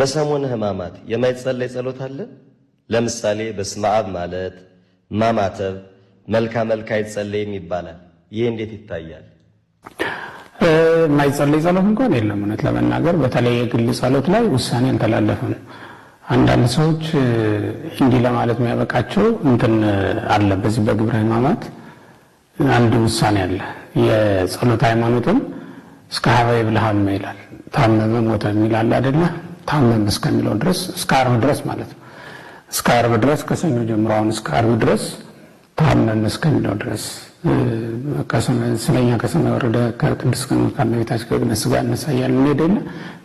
በሰሞነ ህማማት የማይጸለይ ጸሎት አለ። ለምሳሌ በስመ አብ ማለት ማማተብ፣ መልካ መልካ አይጸለይም ይባላል። ይህ እንዴት ይታያል? የማይጸለይ ጸሎት እንኳን የለም። እውነት ለመናገር በተለይ የግል ጸሎት ላይ ውሳኔ አልተላለፈም። አንዳንድ ሰዎች እንዲህ ለማለት የሚያበቃቸው እንትን አለ። በዚህ በግብረ ህማማት አንድ ውሳኔ አለ። የጸሎት ሃይማኖትም እስከ ሀበይ ብልሃም ይላል። ታመመ ሞተ የሚል አለ አደለ ታመም እስከሚለው ድረስ እስከ አርብ ድረስ ማለት ነው። እስከ አርብ ድረስ ከሰኞ ጀምሮ አሁን እስከ አርብ ድረስ ታመም እስከሚለው ድረስ ስለኛ ከሰማይ ወረደ ከቅድስት ከመካነ ቤታች ከግነት ስጋ እነሳያል ሄደለ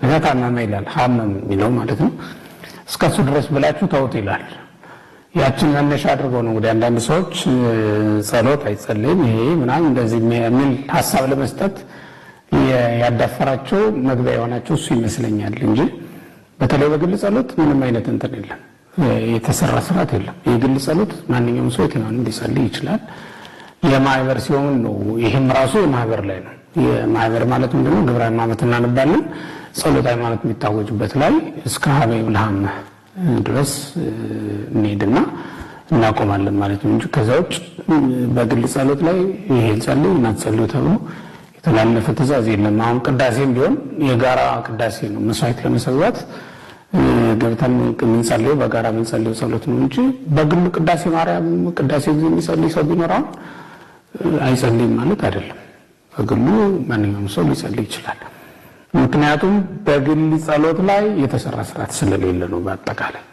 በዛ ታመመ ይላል። ሀመም የሚለው ማለት ነው። እስከሱ ድረስ ብላችሁ ተውት ይላል። ያችን መነሻ አድርጎ ነው እንግዲህ አንዳንድ ሰዎች ጸሎት አይጸልይም ይሄ ምናምን እንደዚህ የሚል ሀሳብ ለመስጠት ያዳፈራቸው መግቢያ የሆናቸው እሱ ይመስለኛል እንጂ በተለይ በግል ጸሎት ምንም አይነት እንትን የለም፣ የተሰራ ስርዓት የለም። የግል ጸሎት ማንኛውም ሰው የትኛውን እንዲጸልይ ይችላል። የማህበር ሲሆን ነው ይህም ራሱ የማህበር ላይ ነው። የማህበር ማለት ምንድነው? ግብረ ሃይማኖት እናነባለን። ጸሎት ሃይማኖት የሚታወጅበት ላይ እስከ ሀበይ ብልሃም ድረስ እንሄድና እናቆማለን ማለት ነው እንጂ ከዛ ውጭ በግል ጸሎት ላይ ይሄን ጸልይ እናትጸልዩ ተብሎ የተላለፈ ትእዛዝ የለም። አሁን ቅዳሴም ቢሆን የጋራ ቅዳሴ ነው። መስዋዕት ለመሰዋት ገብተን የምንጸልየው በጋራ የምንጸልየው ጸሎት ነው እንጂ በግሉ ቅዳሴ ማርያም ቅዳሴ ጊዜ የሚጸልይ ሰው ቢኖር አሁን አይጸልይም ማለት አይደለም። በግሉ ማንኛውም ሰው ሊጸልይ ይችላል። ምክንያቱም በግል ጸሎት ላይ የተሰራ ስርዓት ስለሌለ ነው። በአጠቃላይ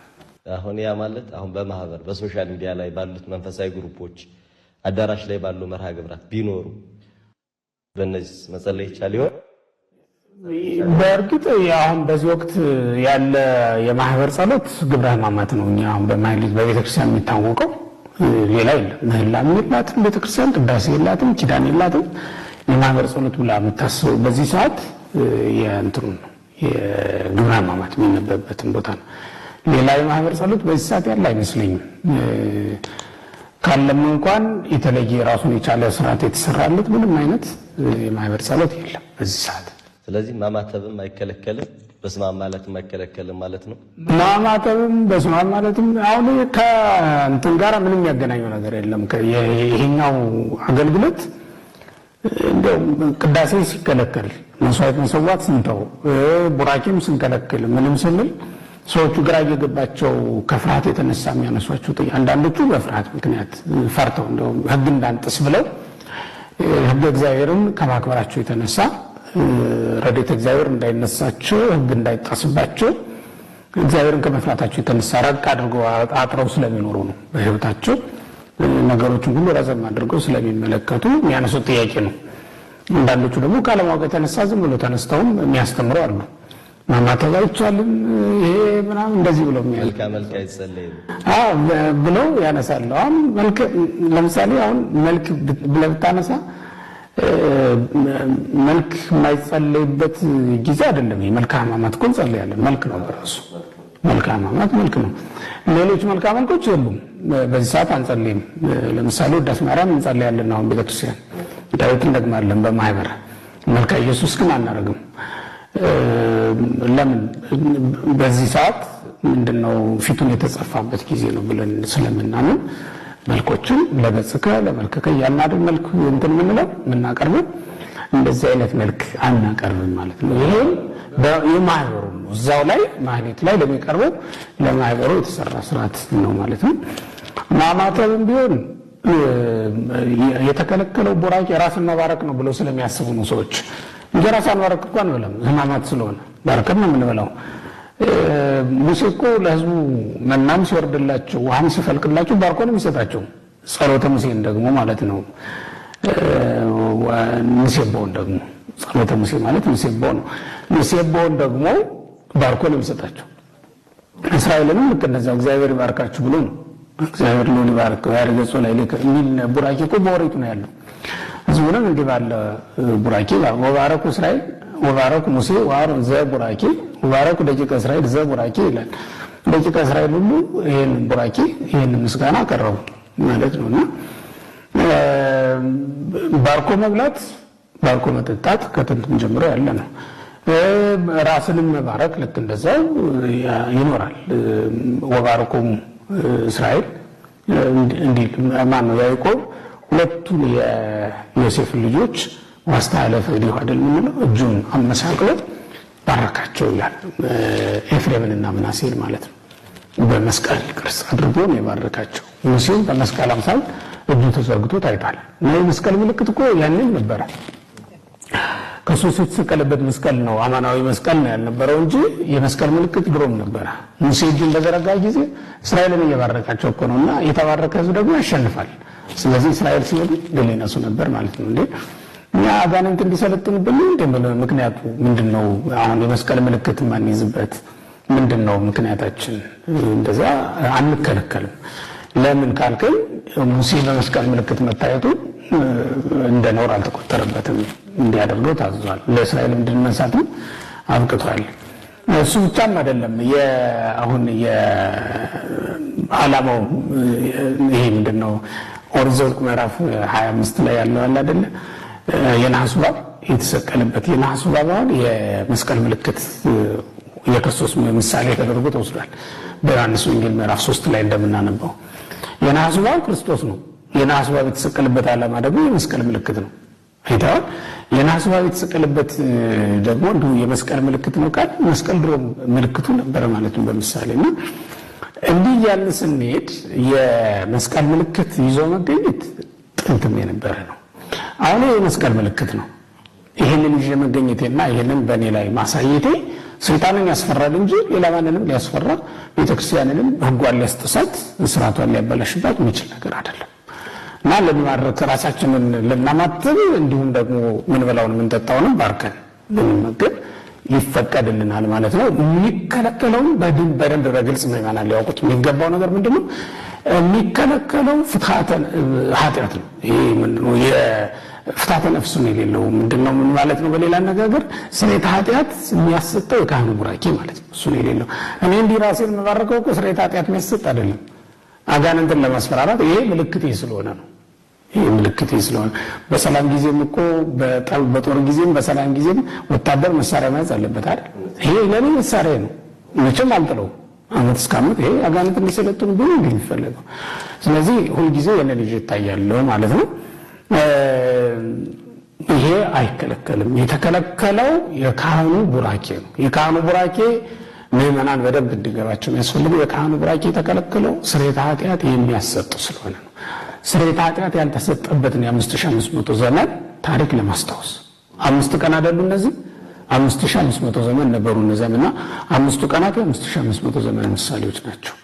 አሁን ያ ማለት አሁን በማህበር በሶሻል ሚዲያ ላይ ባሉት መንፈሳዊ ግሩፖች አዳራሽ ላይ ባሉ መርሃ ግብራት ቢኖሩ ለእነዚህ መጸለይ ይቻል ይሆን? በእርግጥ አሁን በዚህ ወቅት ያለ የማህበር ጸሎት ግብረ ሕማማት ነው። እኛ አሁን በማይሊት በቤተክርስቲያን የሚታወቀው ሌላ የለም። ምህላም የላትም ቤተክርስቲያን፣ ቅዳሴ የላትም፣ ኪዳን የላትም። የማህበር ጸሎት ብላ የምታስበው በዚህ ሰዓት የእንትኑ ነው የግብረ ሕማማት የሚነበብበትን ቦታ ነው። ሌላ የማህበር ጸሎት በዚህ ሰዓት ያለ አይመስለኝም። ካለም እንኳን የተለየ ራሱን የቻለ ስርዓት የተሰራለት ምንም አይነት የማህበር ጸሎት የለም በዚህ ሰዓት። ስለዚህ ማማተብም አይከለከልም፣ በስማም ማለትም አይከለከልም ማለት ነው። ማማተብም በስማም ማለትም አሁን ከእንትን ጋር ምንም ያገናኘው ነገር የለም። ይሄኛው አገልግሎት እንዲያውም ቅዳሴ ሲከለከል መስዋዕት መሰዋት ስንተው ቡራኪም ስንከለክል ምንም ስንል ሰዎቹ ግራ እየገባቸው ከፍርሃት የተነሳ የሚያነሷቸው አንዳንዶቹ በፍርሃት ምክንያት ፈርተው እንደውም ሕግ እንዳንጥስ ብለው ህግ እግዚአብሔርን ከማክበራቸው የተነሳ ረዴት እግዚአብሔር እንዳይነሳቸው ሕግ እንዳይጣስባቸው እግዚአብሔርን ከመፍራታቸው የተነሳ ረቅ አድርገው አጥረው ስለሚኖሩ ነው። በሕይወታቸው ነገሮችን ሁሉ ረዘም አድርገው ስለሚመለከቱ የሚያነሱት ጥያቄ ነው። አንዳንዶቹ ደግሞ ካለማወቅ የተነሳ ዝም ብሎ ተነስተውም የሚያስተምረው አሉ። ማማተብ አይቻልም ይሄ ምናምን እንደዚህ ብለው ብለው ያነሳሉ። አሁን መልክ ለምሳሌ አሁን መልክ ብለህ ብታነሳ መልክ የማይጸለይበት ጊዜ አይደለም። መልክ ሕማማት እኮ እንጸለያለን። መልክ ነው በራሱ መልክ ሕማማት መልክ ነው። ሌሎች መልካ መልኮች የሉም። በዚህ ሰዓት አንጸልይም። ለምሳሌ ውዳሴ ማርያም እንጸለያለን። አሁን ቤተክርስቲያን ዳዊት እንደግማለን በማህበር መልካ ኢየሱስ ግን አናደርግም። ለምን በዚህ ሰዓት ምንድነው ፊቱን የተጸፋበት ጊዜ ነው ብለን ስለምናምን መልኮችን ለበጽከ ለመልክከ ያናድር መልክ እንትን የምንለው የምናቀርበው እንደዚህ አይነት መልክ አናቀርብም ማለት ነው። ይሄም የማህበሩ ነው። እዛው ላይ ማህሌት ላይ ለሚቀርበው ለማህበሩ የተሰራ ስርዓት ነው ማለት ነው። ማማተብም ቢሆን የተከለከለው ቦራቂ ራስን መባረክ ነው ብለው ስለሚያስቡ ነው ሰዎች እንጀራ ሳንባረክ እኮ አንበላም፣ ህማማት ስለሆነ ባረከት ነው የምንበላው። ሙሴ እኮ ለህዝቡ መናም ሲወርድላቸው ውሃም ሲፈልቅላቸው ባርኮ ነው የሚሰጣቸው። ጸሎተ ሙሴን ደግሞ ማለት ነው ንሴቦውን ደግሞ ጸሎተ ሙሴ ማለት ንሴቦ ነው። ንሴቦውን ደግሞ ባርኮ ነው የሚሰጣቸው። እስራኤልንም ልክ እንደዛ እግዚአብሔር ይባርካችሁ ብሎ ነው እግዚአብሔር ሎን ይባርክ ያርገጾ ላይ የሚል ቡራኬ እኮ በወሬቱ ነው ያለው። ዝም ብሎ እንዲህ ባለ ቡራኬ ወባረኩ እስራኤል ወባረኩ ሙሴ ወአሮን ዘ ቡራኪ ወባረኩ ደቂቀ እስራኤል ዘ ቡራኪ ይላል። ደቂቀ እስራኤል ሁሉ ይህን ቡራኪ ይህን ምስጋና አቀረቡ ማለት ነው እና ባርኮ መብላት ባርኮ መጠጣት ከጥንትም ጀምሮ ያለ ነው። ራስንም መባረክ ልክ እንደዛው ይኖራል። ወባረኩም እስራኤል እንዲል ማነው ያዕቆብ ሁለቱን የዮሴፍ ልጆች ማስተላለፍ ዲሁ አይደል የምንለው እጁን አመሳቅሎ ባረካቸው ይላል። እና ምናሴን ማለት ነው። በመስቀል ቅርስ አድርጎ ነው የባረካቸው። ሙሴም በመስቀል አምሳል እጁ ተዘርግቶ ታይቷል። እና የመስቀል ምልክት እኮ ያንን ነበረ ከሶስት የተሰቀለበት መስቀል ነው። አማናዊ መስቀል ነው ያልነበረው እንጂ የመስቀል ምልክት ድሮም ነበረ። ሙሴ እጁን በዘረጋ ጊዜ እስራኤልን እየባረካቸው እኮ ነው። እና የተባረከ ህዝብ ደግሞ ያሸንፋል። ስለዚህ እስራኤል ሲሄዱ ድል ይነሱ ነበር ማለት ነው እንዴ እኛ አጋንንት እንዲሰለጥኑብን እንደምለው ምክንያቱ ምንድን ነው? አሁን የመስቀል ምልክት ማንይዝበት ምንድን ነው ምክንያታችን? እንደዛ አንከለከልም። ለምን ካልከኝ ሙሴ በመስቀል ምልክት መታየቱ እንደ ነውር አልተቆጠረበትም፣ እንዲያደርገው ታዝዟል። ለእስራኤል ምድን አብቅቷል። እሱ ብቻም አይደለም። አሁን የዓላማው ይሄ ምንድን ነው ኦሪት ምዕራፍ 25 ላይ ያለው አለ አይደለ? የነሐሱ እባብ የተሰቀለበት የነሐሱ እባብ አሁን የመስቀል ምልክት የክርስቶስ ምሳሌ ተደርጎ ተወስዷል። በዮሐንስ ወንጌል ምዕራፍ 3 ላይ እንደምናነባው የነሐሱ እባብ ክርስቶስ ነው። የነሐሱ እባብ የተሰቀለበት ዓላማ ደግሞ የመስቀል ምልክት ነው። አይተዋል። የነሐሱ እባብ የተሰቀለበት ደግሞ እንዲሁ የመስቀል ምልክት ነው። ቃል መስቀል ድሮ ምልክቱ ነበረ ማለት ነው በምሳሌ እና እንዲህ እያልን ስንሄድ የመስቀል ምልክት ይዞ መገኘት ጥንትም የነበረ ነው። አሁን የመስቀል ምልክት ነው። ይህንን ይዤ መገኘቴና ይህንን በእኔ ላይ ማሳየቴ ሰይጣንን ያስፈራል እንጂ ሌላ ማንንም ሊያስፈራ ቤተክርስቲያንንም ሕጓን ሊያስጥሳት ስርዓቷን ሊያበላሽባት የሚችል ነገር አይደለም እና ልንማርክ ራሳችንን ልናማትብ እንዲሁም ደግሞ ምንበላውን የምንጠጣውንም ባርከን ልንመገብ ይፈቀድልናል ማለት ነው። የሚከለከለውን በደንብ በግልጽ ምዕመናን ሊያውቁት የሚገባው ነገር ምንድን ነው? የሚከለከለው ፍትሐተ ኃጢአት ነው። ይህ ፍትሐተ ነፍሱን የሌለው ምንድን ነው? ምን ማለት ነው? በሌላ አነጋገር ስርየተ ኃጢአት የሚያሰጠው የካህኑ ቡራኬ ማለት ነው። እሱን የሌለው እኔ እንዲህ ራሴን የምባረከው እኮ ስርየተ ኃጢአት የሚያሰጥ አይደለም፣ አጋንንትን ለማስፈራራት ይሄ ምልክቴ ስለሆነ ነው። ይህ ምልክት ስለሆነ በሰላም ጊዜም እኮ በጦር ጊዜም በሰላም ጊዜም ወታደር መሳሪያ መያዝ አለበት አይደል? ይሄ ለእኔ መሳሪያ ነው፣ መቼም አልጥለው አመት እስከ አመት ይሄ አጋንንት እንዲሰለጥኑ ብዙ የሚፈለገው ስለዚህ ሁልጊዜ የኔ ልጅ ይታያለው ማለት ነው። ይሄ አይከለከልም። የተከለከለው የካህኑ ቡራኬ ነው። የካህኑ ቡራኬ ምዕመናን በደንብ እንዲገባቸው የሚያስፈልገው የካህኑ ቡራኬ የተከለከለው ስርየተ ኃጢአት የሚያሰጡ ስለሆነ ነው። ስርየተ ኃጢአት ያልተሰጠበትን የአምስት ሺህ አምስት መቶ ዘመን ታሪክ ለማስታወስ አምስት ቀን አይደሉ እነዚህ አምስት ሺህ አምስት መቶ ዘመን ነበሩ እነዚያም እና አምስቱ ቀናት የአምስት ሺህ አምስት መቶ ዘመን ምሳሌዎች ናቸው።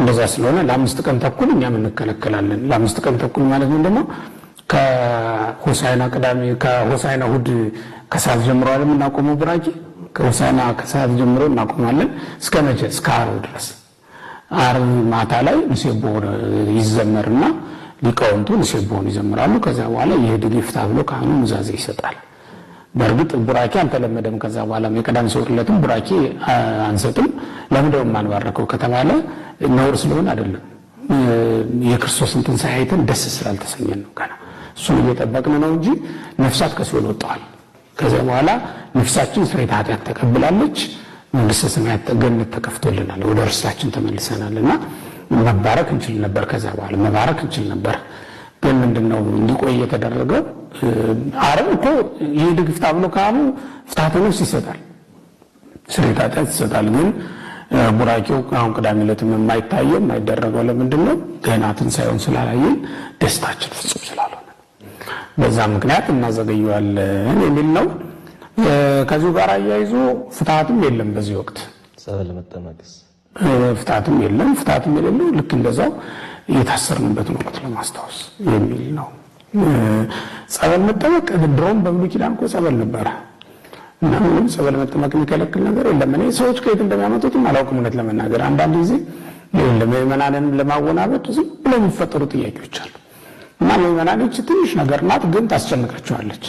እንደዛ ስለሆነ ለአምስት ቀን ተኩል እኛም እንከለከላለን። ለአምስት ቀን ተኩል ማለት ምንድን ነው? ከሆሳይና ቅዳሜ ከሆሳይና እሑድ ከሰዓት ጀምሮ አለም የምናቆመው ብራቂ ከሆሳይና ከሰዓት ጀምሮ እናቆማለን። እስከ መቼ? እስከ ዓርብ ድረስ። ዓርብ ማታ ላይ ንሴቦ ይዘመርና ሊቃውንቱ ንስቦን ይዘምራሉ። ከዚያ በኋላ ይህድግ ይፍታ ብሎ ካህኑ ሙዛዜ ይሰጣል። በእርግጥ ቡራኬ አልተለመደም። ከዛ በኋላ የቀዳም ስዑር ዕለትም ቡራኬ አንሰጥም። ለምደው አንባረከው ከተባለ ነውር ስለሆን አይደለም። የክርስቶስን ትንሣኤ አይተን ደስ ስላልተሰኘን ነው። ገና እሱን እየጠበቅን ነው እንጂ ነፍሳት ከሲኦል ወጥተዋል። ከዚያ በኋላ ነፍሳችን ስርየተ ኃጢአት ተቀብላለች። መንግስተ ሰማያት ገነት ተከፍቶልናል። ወደ እርስታችን ተመልሰናል እና መባረክ እንችል ነበር። ከዛ በኋላ መባረክ እንችል ነበር። ግን ምንድን ነው እንዲቆይ የተደረገው? አረብ እኮ ይድግ ፍታ ብሎ ካሉ ፍታተ ነፍስ ይሰጣል፣ ስርየተ ይሰጣል። ግን ቡራቂው አሁን ቅዳሜ ዕለትም የማይታየው የማይደረገው ለምንድን ነው? ገና ትንሣኤውን ስላላየን ደስታችን ፍጹም ስላልሆነ በዛ ምክንያት እናዘገየዋለን የሚል ነው። ከዚሁ ጋር አያይዞ ፍትሀትም የለም በዚህ ወቅት ጸበል መጠመቅስ ፍታትም የለም። ፍታትም የሌለው ልክ እንደዛው እየታሰርንበት ነው ለማስታወስ የሚል ነው። ጸበል መጠመቅ ድሮም በብሉይ ኪዳን እኮ ጸበል ነበረ እና ምንም ጸበል መጠመቅ የሚከለክል ነገር የለም። እኔ ሰዎች ከየት እንደሚያመጡትም አላውቅም እውነት ለመናገር አንዳንድ ጊዜ ምዕመናንንም ለማወናበድ ዝም ብለው የሚፈጠሩ ጥያቄዎች አሉ እና ምዕመናኖች ትንሽ ነገር ናት፣ ግን ታስጨንቃቸዋለች።